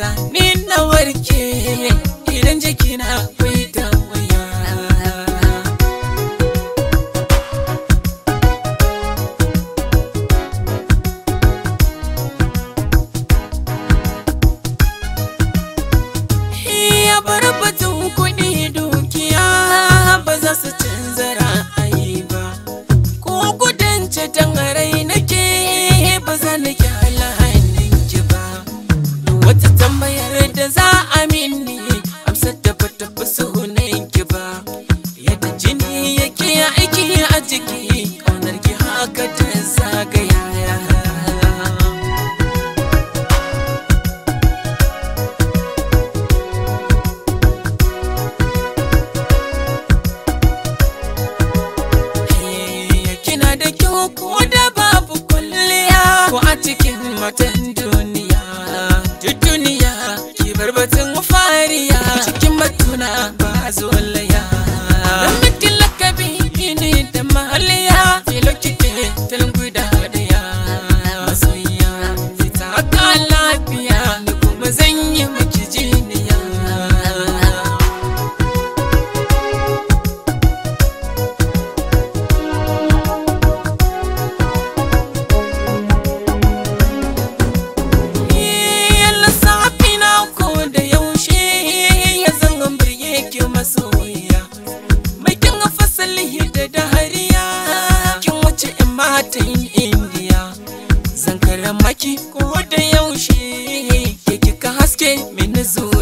sa ni na warke idan jikina da za a minni amsar da ba ta fi sunan ki ba yadda jini yake aiki a jiki ƙaunar ki haka ta zagaya kina da kyau ko da babu kwalliya ko a cikin matan duniya mamaki ko da yaushe ke kika haske mini zuwa